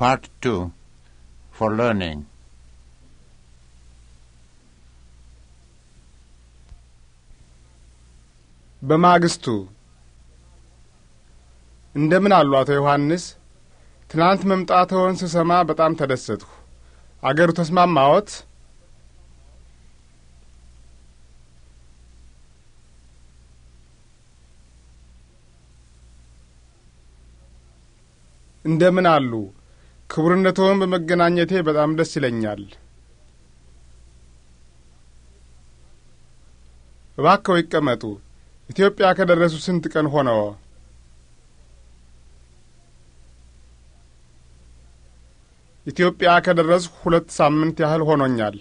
Part 2 for learning. በማግስቱ እንደምን አሉ አቶ ዮሐንስ? ትናንት መምጣትዎን ስሰማ በጣም ተደሰትሁ። አገሩ ተስማማዎት? እንደምን አሉ ክቡርነትዎን በመገናኘቴ በጣም ደስ ይለኛል። እባከው ይቀመጡ። ኢትዮጵያ ከደረሱ ስንት ቀን ሆነው? ኢትዮጵያ ከደረስ ሁለት ሳምንት ያህል ሆኖኛል።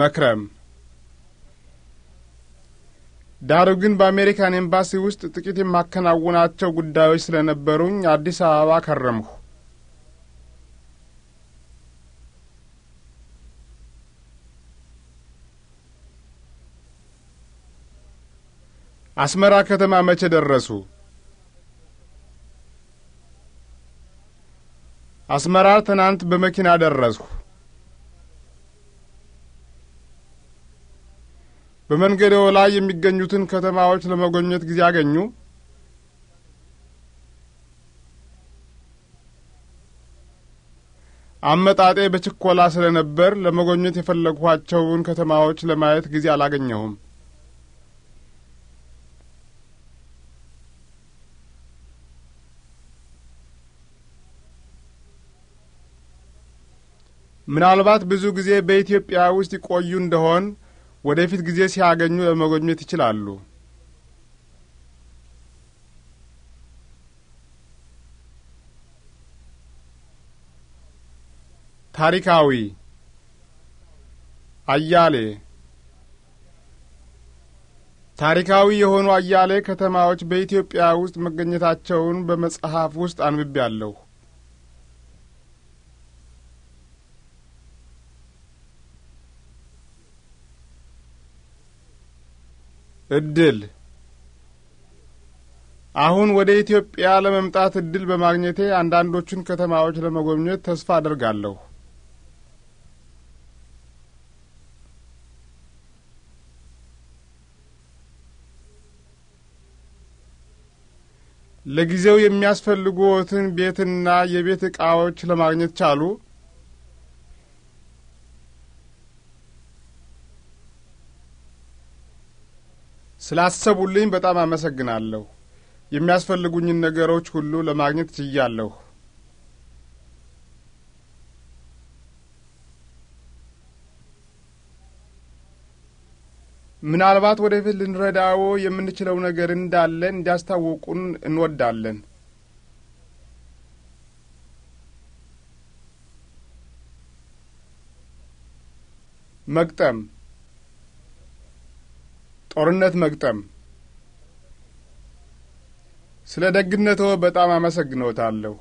መክረም ዳሩ ግን በአሜሪካን ኤምባሲ ውስጥ ጥቂት የማከናውናቸው ጉዳዮች ስለነበሩኝ አዲስ አበባ ከረምሁ። አስመራ ከተማ መቼ ደረሱ? አስመራ ትናንት በመኪና ደረስሁ። በመንገዴው ላይ የሚገኙትን ከተማዎች ለመጎብኘት ጊዜ አገኙ? አመጣጤ በችኮላ ስለነበር ለመጎብኘት የፈለግኋቸውን ከተማዎች ለማየት ጊዜ አላገኘሁም። ምናልባት ብዙ ጊዜ በኢትዮጵያ ውስጥ ይቆዩ እንደሆን ወደፊት ጊዜ ሲያገኙ ለመጎብኘት ይችላሉ። ታሪካዊ አያሌ ታሪካዊ የሆኑ አያሌ ከተማዎች በኢትዮጵያ ውስጥ መገኘታቸውን በመጽሐፍ ውስጥ አንብቤ አለሁ። እድል አሁን ወደ ኢትዮጵያ ለመምጣት እድል በማግኘቴ አንዳንዶቹን ከተማዎች ለመጎብኘት ተስፋ አደርጋለሁ። ለጊዜው የሚያስፈልጉዎትን ቤትና የቤት ዕቃዎች ለማግኘት ቻሉ? ስላሰቡልኝ በጣም አመሰግናለሁ። የሚያስፈልጉኝን ነገሮች ሁሉ ለማግኘት ችያለሁ። ምናልባት ወደፊት ልንረዳዎ የምንችለው ነገር እንዳለ እንዲያስታውቁን እንወዳለን። መግጠም ጦርነት መግጠም። ስለ ደግነቶ በጣም አመሰግኖታለሁ።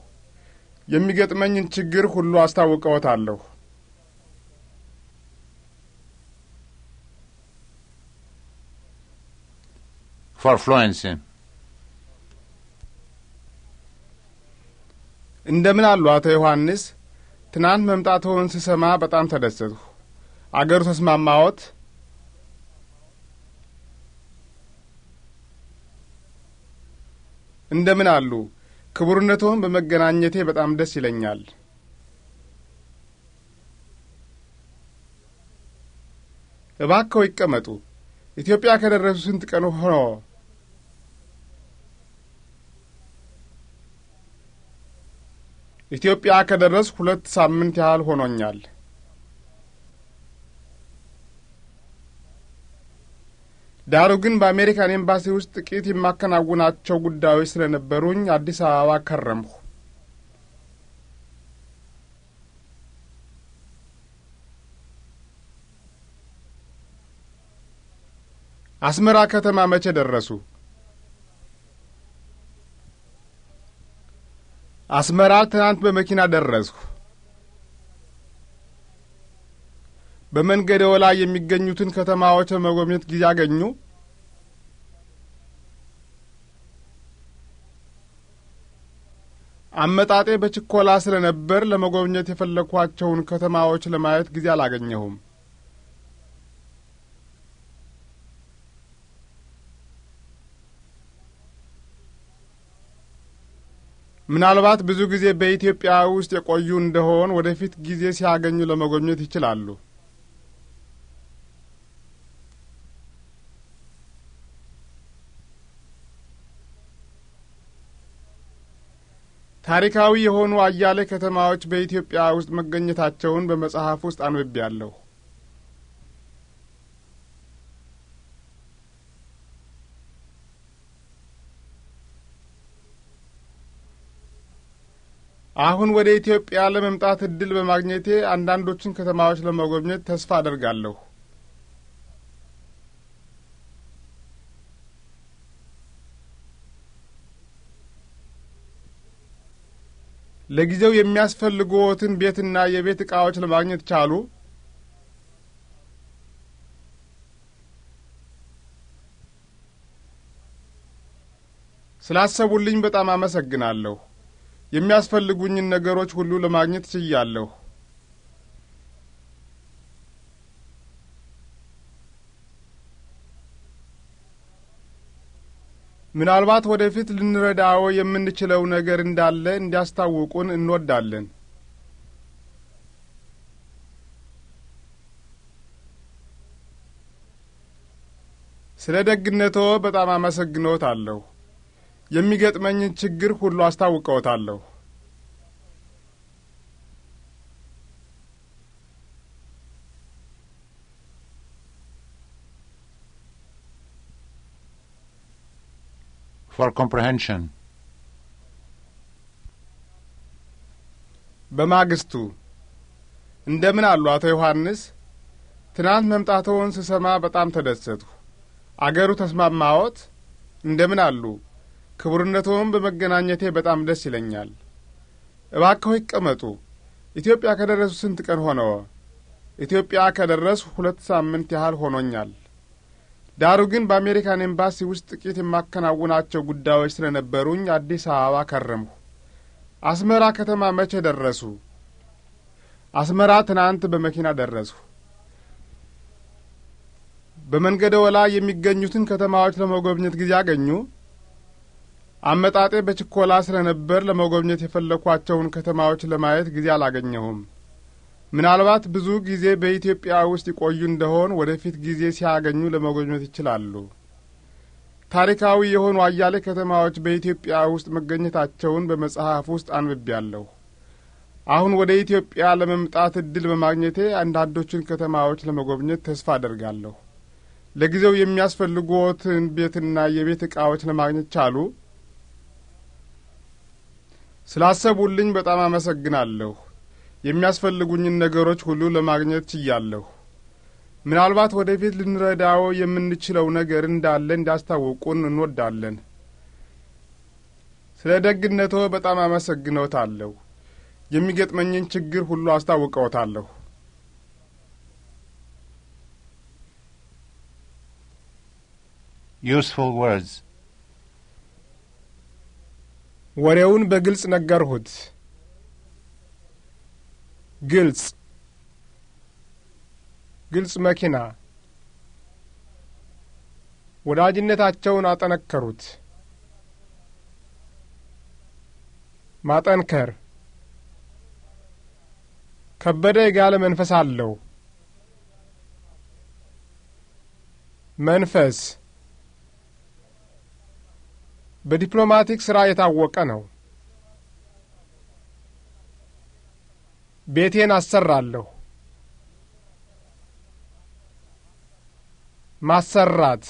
የሚገጥመኝን ችግር ሁሉ አስታውቀዎታለሁ። ፎርፍሎንስ እንደምን አሉ አቶ ዮሐንስ? ትናንት መምጣትዎን ስሰማ በጣም ተደሰትሁ። አገሩ ተስማማዎት? እንደምን አሉ? ክቡርነቶህን በመገናኘቴ በጣም ደስ ይለኛል። እባከው ይቀመጡ። ኢትዮጵያ ከደረሱ ስንት ቀን ሆኖ? ኢትዮጵያ ከደረስ ሁለት ሳምንት ያህል ሆኖኛል። ዳሩ ግን በአሜሪካን ኤምባሲ ውስጥ ጥቂት የማከናውናቸው ጉዳዮች ስለነበሩኝ አዲስ አበባ ከረምሁ። አስመራ ከተማ መቼ ደረሱ? አስመራ ትናንት በመኪና ደረስሁ። በመንገደው ላይ የሚገኙትን ከተማዎች ለመጎብኘት ጊዜ አገኙ? አመጣጤ በችኮላ ስለነበር ለመጎብኘት የፈለግኳቸውን ከተማዎች ለማየት ጊዜ አላገኘሁም። ምናልባት ብዙ ጊዜ በኢትዮጵያ ውስጥ የቆዩ እንደሆን ወደፊት ጊዜ ሲያገኙ ለመጎብኘት ይችላሉ። ታሪካዊ የሆኑ አያሌ ከተማዎች በኢትዮጵያ ውስጥ መገኘታቸውን በመጽሐፍ ውስጥ አንብቤያለሁ። አሁን ወደ ኢትዮጵያ ለመምጣት እድል በማግኘቴ አንዳንዶቹን ከተማዎች ለመጎብኘት ተስፋ አደርጋለሁ። ለጊዜው የሚያስፈልግዎትን ቤትና የቤት ዕቃዎች ለማግኘት ቻሉ? ስላሰቡልኝ በጣም አመሰግናለሁ። የሚያስፈልጉኝን ነገሮች ሁሉ ለማግኘት ችያለሁ። ምናልባት ወደፊት ልንረዳዎ የምንችለው ነገር እንዳለ እንዲያስታውቁን እንወዳለን። ስለ ደግነቶ በጣም አመሰግኖታለሁ። የሚገጥመኝን ችግር ሁሉ አስታውቀዎታለሁ። for comprehension. በማግስቱ እንደምን አሉ አቶ ዮሐንስ? ትናንት መምጣትዎን ስሰማ በጣም ተደሰትሁ። አገሩ ተስማማዎት? እንደምን አሉ? ክቡርነትዎን በመገናኘቴ በጣም ደስ ይለኛል። እባክዎ ይቀመጡ። ኢትዮጵያ ከደረሱ ስንት ቀን ሆነዎ? ኢትዮጵያ ከደረስሁ ሁለት ሳምንት ያህል ሆኖኛል። ዳሩ ግን በአሜሪካን ኤምባሲ ውስጥ ጥቂት የማከናውናቸው ጉዳዮች ስለነበሩኝ አዲስ አበባ ከረምሁ። አስመራ ከተማ መቼ ደረሱ? አስመራ ትናንት በመኪና ደረስሁ። በመንገደ ላይ የሚገኙትን ከተማዎች ለመጎብኘት ጊዜ አገኙ? አመጣጤ በችኮላ ስለነበር ለመጎብኘት የፈለኳቸውን ከተማዎች ለማየት ጊዜ አላገኘሁም። ምናልባት ብዙ ጊዜ በኢትዮጵያ ውስጥ ይቆዩ እንደሆን ወደፊት ጊዜ ሲያገኙ ለመጎብኘት ይችላሉ። ታሪካዊ የሆኑ አያሌ ከተማዎች በኢትዮጵያ ውስጥ መገኘታቸውን በመጽሐፍ ውስጥ አንብቤያለሁ። አሁን ወደ ኢትዮጵያ ለመምጣት እድል በማግኘቴ አንዳንዶቹን ከተማዎች ለመጎብኘት ተስፋ አደርጋለሁ። ለጊዜው የሚያስፈልጉትን ቤትና የቤት ዕቃዎች ለማግኘት ቻሉ? ስላሰቡልኝ በጣም አመሰግናለሁ። የሚያስፈልጉኝን ነገሮች ሁሉ ለማግኘት ችያለሁ። ምናልባት ወደፊት ልንረዳው የምንችለው ነገር እንዳለ እንዲያስታውቁን እንወዳለን። ስለ ደግነቶ በጣም አመሰግኖታለሁ። የሚገጥመኝን ችግር ሁሉ አስታውቀዎታለሁ። ዩስፉል ወርድስ ወሬውን በግልጽ ነገርሁት። ግልጽ ግልጽ መኪና ወዳጅነታቸውን አጠነከሩት። ማጠንከር ከበደ የጋለ መንፈስ አለው። መንፈስ በዲፕሎማቲክ ስራ የታወቀ ነው። ቤቴን አሰራለሁ። ማሰራት